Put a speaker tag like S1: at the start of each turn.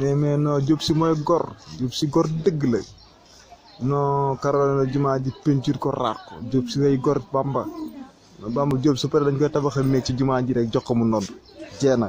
S1: mais mais non si mooy gor jub si gor dëgg la non karoon na jumaa ji peinture ko raaq jub si ngay gor bamba bamba jub su pare dañ koy tabaxal néeg ci jumaa ji rek jox ko mu nodd jeena